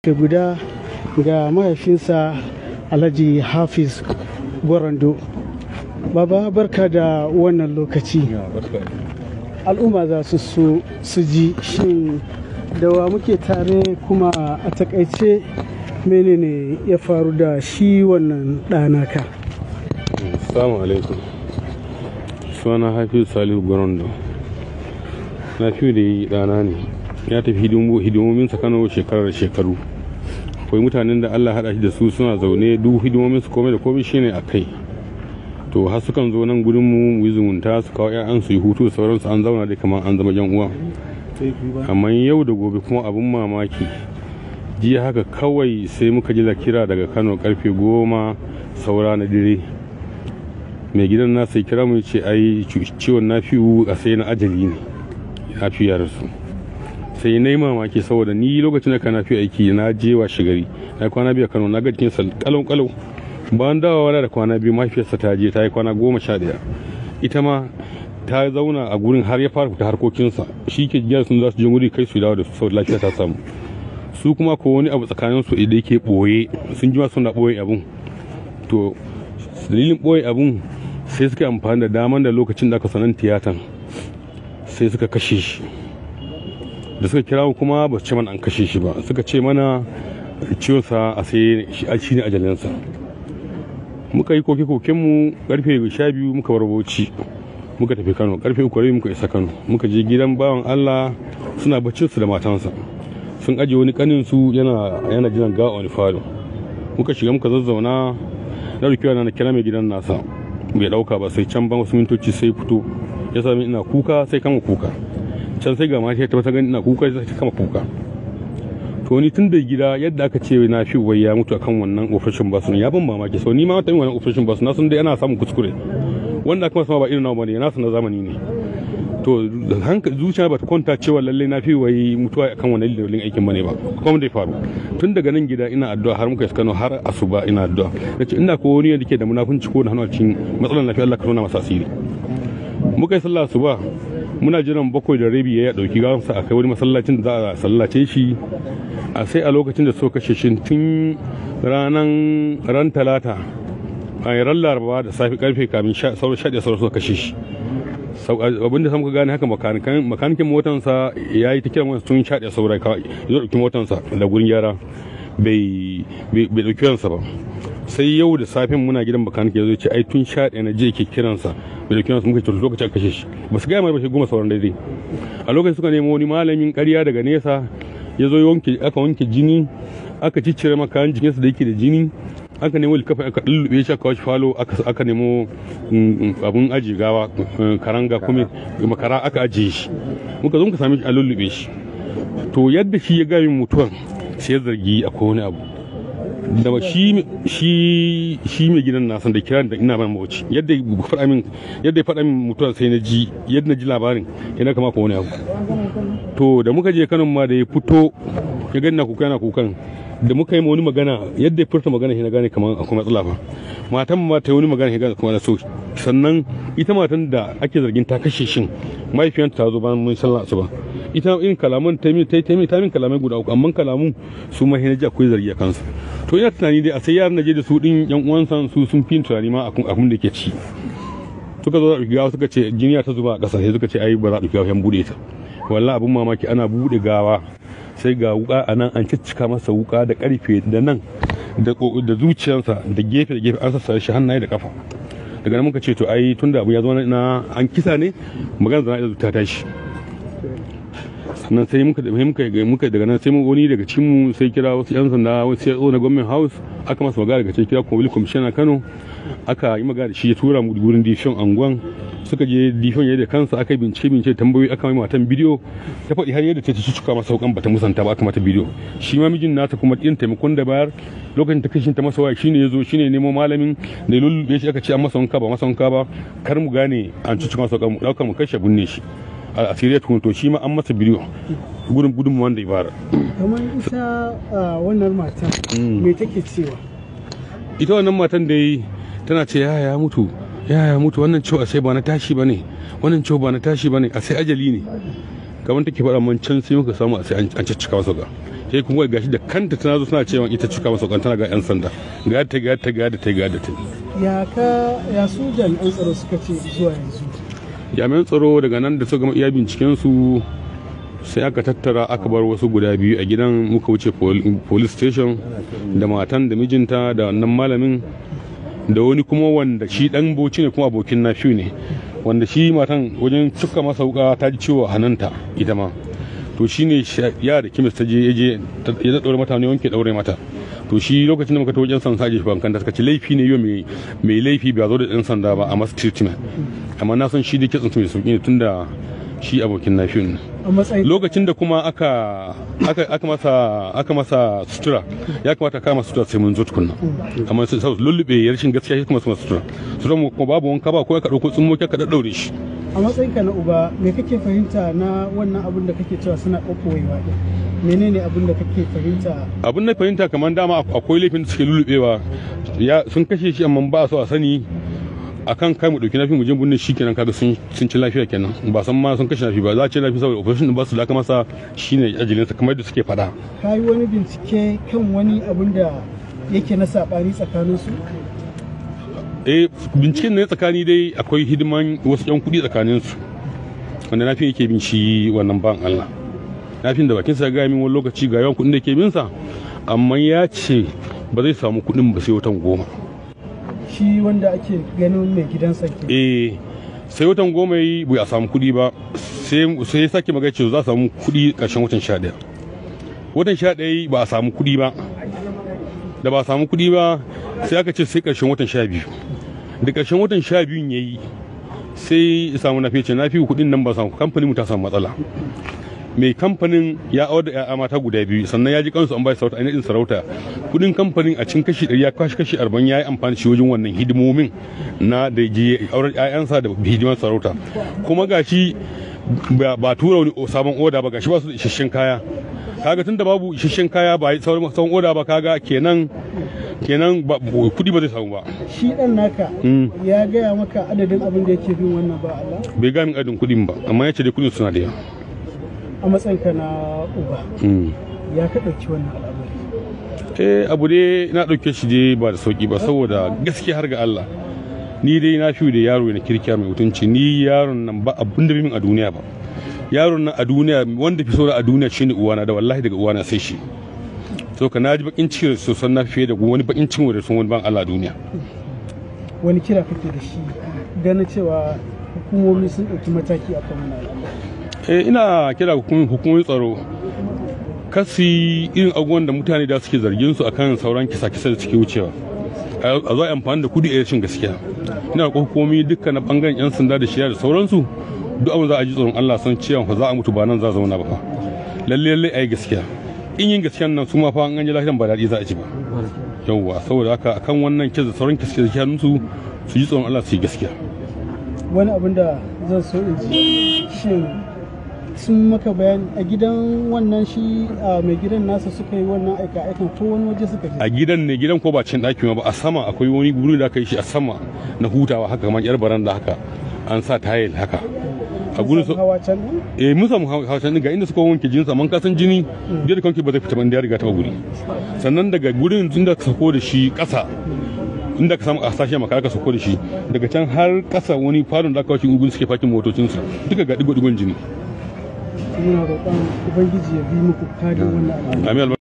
ke guda ga mahaifinsa alhaji hafiz gwarando baba barka da wannan lokaci al'umma za su so su ji shin dawa muke tare kuma a takaice menene ya faru da shi wannan ɗanaka assalamu alaikum suna hafiz salihu gwarando na fiye da yi ɗana ne ya tafi hidimominsa kano shekarar shekaru akwai mutanen da allah hada shi da su suna zaune duk hidimomin su komai da komai shine a kai to har sukan zo nan gurin mu yi zumunta su kawo 'ya'yan su yi hutu sauransu an zauna dai kamar an zama jan uwa amma yau da gobe kuma abin mamaki jiya haka kawai sai muka ji kira daga kano karfe goma saura na dire mai gidan nasa kira mu ce ai ciwon nafiyu a sai na ajali ne ya fi rasu sai na yi mamaki saboda ni lokacin da kana fi aiki na je wa shigari na kwana biyu kano na ga jikinsa kalon kalau bayan dawowa da kwana biyu mahaifiyarsa ta je ta yi kwana goma sha daya ita ma ta zauna a gurin har ya fara fita harkokinsa shi ke jiya sun za su je wuri kai su dawo da su lafiya ta samu su kuma ko wani abu tsakanin su idan yake ɓoye sun jima suna ɓoye abun to dalilin ɓoye abun sai suka amfani da daman da lokacin da aka sanan tiyatan sai suka kashe shi da suka kira mu kuma ba ce mana an kashe shi ba suka ce mana ciwonsa a sai shi ne ajalinsa muka yi koke kokenmu karfe 12 muka bar bauchi muka tafi kano karfe uku muka isa kano muka je gidan bawan allah suna baccin su da matansa sun ajiye wani kanin su yana yana jiran ga wani falo muka shiga muka zazzauna na rikewa na kira mai gidan nasa bai dauka ba sai can ban wasu mintoci sai fito ya sami ina kuka sai kama kuka can sai ga mata ta mata gani ina kuka sai ta kama kuka to ni tun da gida yadda aka ce na fi wai ya mutu akan wannan operation basun ya ban mamaki so ni ma ta wannan ofishin basun na sun dai ana samun kuskure wanda aka sama ba irin nawa bane sun na zamani ne to hankali zuciya ba ta kwanta cewa lalle na fi wai mutuwa akan wannan dalilin aikin bane ba kuma da faru tun daga nan gida ina addu'a har muka iskano har asuba ina addu'a nace ina ko wani da ke da munafunci ko da hannu cin cikin matsalar lafiya Allah ka nuna masa asiri muka yi sallah asuba muna jiran bakwai da rabi ya dauki gawansa a kai wani masallacin da za a sallace shi a sai a lokacin da so kashe shi tun ranan ran talata a yi laraba da safi karfe kamin sauran shaɗe sauran suka kashe shi abinda sam ka gane haka makanikin motansa ya yi ta kiran wasu tun shaɗe saura ya zo ɗauki motansa da gurin gyara bai ɗauki wansa ba sai yau da safin muna gidan bakanike ya zo ce ai tun sha ɗaya na je ke kiransa da da kiransa muka ce lokacin aka kashe shi ba su gaya mai ba shi goma sauran daidai a lokacin suka nemo wani malamin ƙarya daga nesa ya zo aka wanke jini aka ciccire makayan jikinsa da yake da jini aka nemo likafa aka lullube shi aka wasu falo aka nemo mm, mm, abun aji gawa mm, karanga kuma makara aka ajiye shi muka zo muka same shi a lullube shi to yadda shi ya gami mutuwan sai zargi akwai wani abu da ba shi shi shi mai gidan na san da kiran da ina mai mawuci yadda ya faɗa min yadda ya faɗa min mutuwar sai na ji yadda na ji labarin yana kama ko wani abu to da muka je kanon ma da ya fito ya gani na kuka yana kukan da muka yi wani magana yadda ya furta magana shi na gane kamar akwai matsala ba. matan ma ta yi wani magana shi gane kuma na so sannan ita matan da ake zargin ta kashe shin mahaifiyanta ta zo ba mun sallah ba ita in kalaman ta yi ta min kalamai guda uku amma kalamun su ma hinaji akwai zargi a kansu to ina tunani dai a sai yaran je da su din yan uwansa su sun fi tunani ma abun da ke ci suka zo da gawa suka ce jiniya ta zuba a ƙasa sai suka ce ai ba za a ɗauki yan bude ta wallahi abun mamaki ana bude gawa sai ga wuka a nan an ciccika masa wuka da ƙarfe da nan da zuciyarsa da gefe da gefe an sassa shi hannaye da kafa daga nan muka ce to ai tun da abu ya zama na an kisa ne magana zana ta tashi nan sai muka muka muka daga nan sai wani daga cikin mu sai kira wasu yan sanda wasu ya na government house aka masa magana daga cikin kira kuma commissioner Kano aka yi magana da shi ya tura mu gurin division angwan suka je division yayin da kansa aka bincike bincike tambayoyi aka mai matan bidiyo ta faɗi har yadda ta ci cuka masa hukan bata musanta ba aka mata bidiyo shi ma mijin nata kuma irin taimakon da bayar lokacin ta kashin ta masa waya shine yazo shine nemo malamin da lullu ya shi aka ce an masa wanka ba masa wanka ba kar mu gane an ci cuka masa hukan mu dauka mu kashe binne shi a Syria tukun to shi ma an masa biliyo gudun gudun mu wanda ibara kamar ita wannan matan mm. me take cewa ita wannan matan dai tana ce ya ya mutu ya ya mutu wannan ciwo sai ba na tashi bane wannan ciwo ba na tashi bane a sai ajali ne kamar take faɗa man can sai muka samu a sai an cika masa ga sai kuma gashi da kanta tana zo tana cewa ita cika masa kan tana ga yan sanda ga ta ga ta ga ta ga ta ya ka ya su jami'an tsaro suka ce zuwa yanzu jami'an tsaro daga nan da suka gama iya binciken su sai aka tattara aka bar wasu guda biyu a gidan muka wuce police station da matan da mijinta da wannan malamin da wani kuma wanda shi dan boci ne kuma abokin na ne wanda shi matan wajen cika masa wuka ta ji ciwo hannunta ita ma to shine ya da kimista je ya je mata ne wanke daure mata to shi lokacin da muka tawo yan sanda shi kan kanta suka ce laifi ne yau mai mai laifi ba zo da yan sanda ba a masa treatment amma na san shi da kitsin mai sauki ne tunda shi abokin nafiyun lokacin da kuma aka aka masa aka masa sutura ya kamata ka masa sutura sai mun zo tukunna amma sai lullube yarshin gaskiya shi kuma sutura sutura kuma babu wanka ba ko ka dauko tsummo ka daddaure shi a matsayinka na uba me kake fahimta na wannan abin da kake cewa suna kokowewa din menene abin da kake fahimta abin da fahimta kamar dama akwai laifin da suke lulubewa sun kashe shi amma ba su a sani akan kai mu dauki nafi mu je bunne shi kenan kaga sun sun ci lafiya kenan ba san ma sun kashe nafi ba za a ce nafi saboda operation din ba su laka masa shine ajalin sa kamar da suke fada kai wani bincike kan wani abin da yake na sabani tsakanin su eh binciken ne tsakani dai akwai hidiman wasu yan kuɗi tsakaninsu. wanda na fi yake binci wannan ban Allah na fi da bakin sa ga min wani lokaci ga yawan kuɗin da ke binsa amma ya ce ba zai samu kuɗin ba sai watan goma shi wanda ake ganin mai gidansa ke eh sai watan goma yi bai a samu kuɗi ba sai sake magana cewa za a samu kuɗi karshen watan sha watan sha ba a samu kuɗi ba da ba a samu kuɗi ba sai aka ce sai karshen watan sha biyu da ƙarshen watan sha biyun ya yi sai samu na fice na fiye kuɗin nan ba samu kamfanin mu ta samu matsala mai kamfanin ya awar da 'ya'ya mata guda biyu sannan ya ji kansu an bai sarauta nadin sarauta kudin kamfanin a cikin kashi ɗari ya kashi kashi arban ya yi amfani shi wajen wannan hidimomin na da ji auren 'ya'yansa da hidiman sarauta kuma gashi ba tura wani sabon oda ba gashi ba su da isasshen kaya kaga tunda babu isasshen kaya ba sauran oda ba kaga kenan kenan kudi ba zai samu ba shi dan naka hmm. ya gaya maka adadin abin da yake bin wannan ba Allah bai gaya min adadin kudin ba amma ya ce dai kudin suna da yawa a ka na uba hmm. ya ka dauki wannan al'amari eh abu dai na dauke shi dai ba da sauki ba saboda gaskiya har ga Allah ni dai na fi da yaro na kirkiya mai mutunci ni yaron nan ba abin da bin a duniya ba yaron nan a duniya wanda fi saura a duniya shine uwana da wallahi daga uwana sai shi so ka na ji bakin su san na fiye da wani bakin cikin da sun wani ban Allah duniya wani kira kake da shi ganin cewa hukumomi sun ɗauki mataki a kan eh ina kira hukumomin tsaro kasi irin abubuwan da mutane da suke zargin su akan sauran kisa-kisa da suke wucewa a zo amfani da kudi a yashin gaskiya ina hukumomi dukkan na bangaren yan sanda da shiya da sauransu duk abin za a ji tsoron Allah san cewa fa za a mutu ba nan za a zauna ba fa lalle lalle ayi gaskiya in yin gaskiyan nan su ma fa an ganye lahiran ba daɗi za a ci ba yawwa saboda haka akan wannan kiza da sauran kiske da su su ji tsoron Allah su yi gaskiya wani abin da zan so in ji shin sun maka bayani a gidan wannan shi mai gidan nasa suka yi wannan aika aika ko wani waje suka je a gidan ne gidan ko ba cin ɗaki ba a sama akwai wani guri da aka yi shi a sama na hutawa haka kamar yar baranda haka an sa tayil haka a gurin su eh mun samu hawa ga inda suka wanke jinsa man kasan jini da da kanki ba zai fita ban da ya riga ta guri sannan daga gurin inda ka sako da shi kasa inda ka samu a sashe maka aka sako da shi daga can har kasa wani farin da aka wuce ugun suke fakin motocinsu duka ga digo-digon jini muna